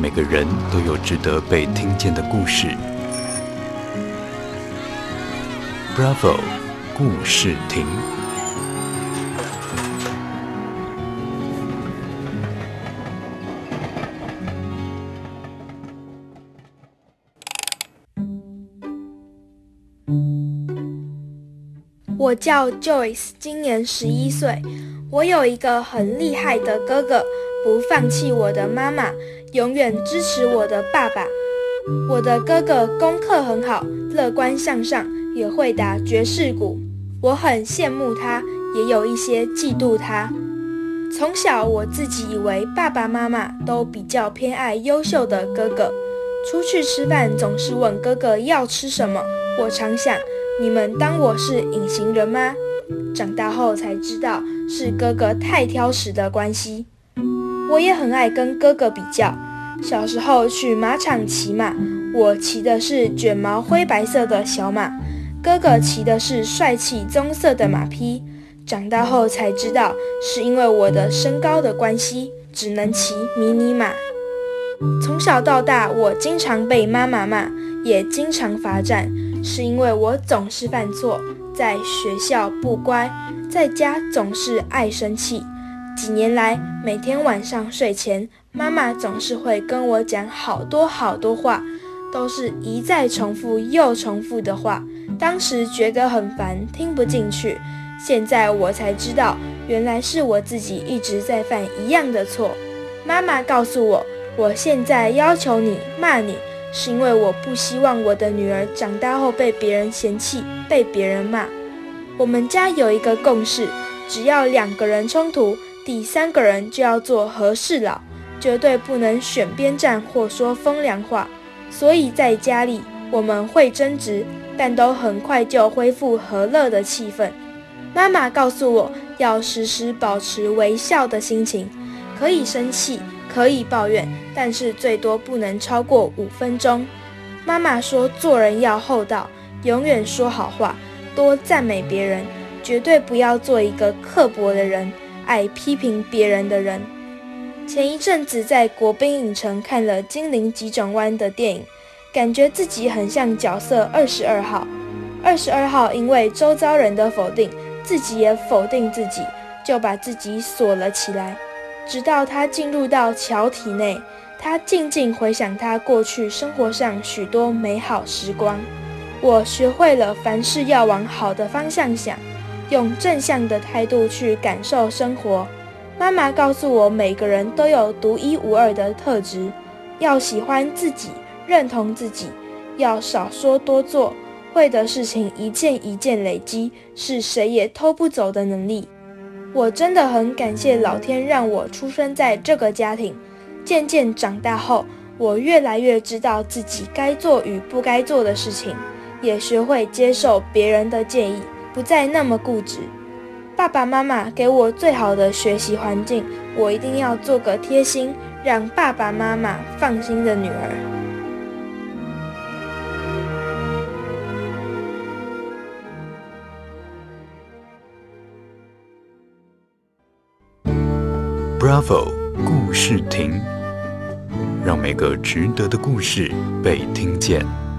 每個人都有值得被聽見的故事。Bravo，故事亭。我叫 Joyce，今年十一歲。我有一個很厲害的哥哥。不放棄我的媽媽，永遠支持我的爸爸。我的哥哥功課很好，樂觀向上，也會打爵士鼓。我很羨慕他，也有一些嫉妒他。從小我自己以為爸爸媽媽都比較偏愛優秀的哥哥。出去吃飯總是問哥哥要吃什麼，我常想，你們當我是隱形人嗎？長大後才知道是哥哥太挑食的關係。我也很愛跟哥哥比較。小時候去馬場騎馬，我騎的是捲毛灰白色的小馬，哥哥騎的是帥氣棕色的馬匹。長大後才知道，是因為我的身高的關係，只能騎迷你馬。從小到大，我經常被媽媽罵，也經常罰站，是因為我總是犯錯，在學校不乖，在家總是愛生氣。幾年來，每天晚上睡前，媽媽總是會跟我講好多好多話，都是一再重複又重複的話。當時覺得很煩，聽不進去。現在我才知道，原來是我自己一直在犯一樣的錯。媽媽告訴我，我現在要求你罵你，是因為我不希望我的女兒長大後被別人嫌棄、被別人罵。我們家有一個共識，只要兩個人衝突，第三個人就要做和事佬，絕對不能選邊站或說風涼話。所以在家裡我們會爭執，但都很快就恢復和樂的氣氛。媽媽告訴我要時時保持微笑的心情，可以生氣，可以抱怨，但是最多不能超過五分鐘。媽媽說做人要厚道，永遠說好話，多讚美別人，絕對不要做一個刻薄的人。愛批評別人的人，前一陣子在國賓影城看了《精靈急轉彎》的電影，感覺自己很像角色二十二號。二十二號因為周遭人的否定，自己也否定自己，就把自己鎖了起來。直到他進入到橋體內，他靜靜回想他過去生活上許多美好時光。我學會了凡事要往好的方向想。用正向的態度去感受生活。媽媽告訴我，每個人都有獨一無二的特質，要喜歡自己，認同自己，要少說多做，會的事情一件一件累積，是誰也偷不走的能力。我真的很感謝老天讓我出生在這個家庭。漸漸長大後，我越來越知道自己該做與不該做的事情，也學會接受別人的建議。不再那麼固執，爸爸媽媽給我最好的學習環境，我一定要做個貼心，讓爸爸媽媽放心的女兒。Bravo，故事亭，讓每個值得的故事被聽見。